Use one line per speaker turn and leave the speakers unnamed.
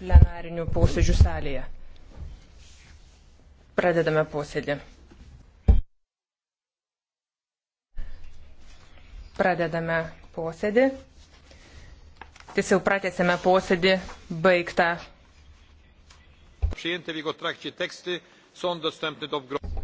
plenarinių posėdžių salėje. Pradedame posėdį. Pradedame posėdį. Tiesiog pratėsime posėdį baigtą.
Przyjęte w jego trakcie teksty są dostępne do
wgromadzenia.